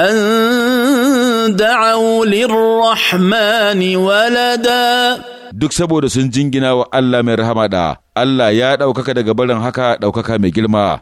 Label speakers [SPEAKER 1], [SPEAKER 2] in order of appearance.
[SPEAKER 1] an da'au lirrahmani walada duk saboda sun jingina wa Allah mai rahama da Allah ya ɗaukaka daga barin
[SPEAKER 2] haka ɗaukaka mai girma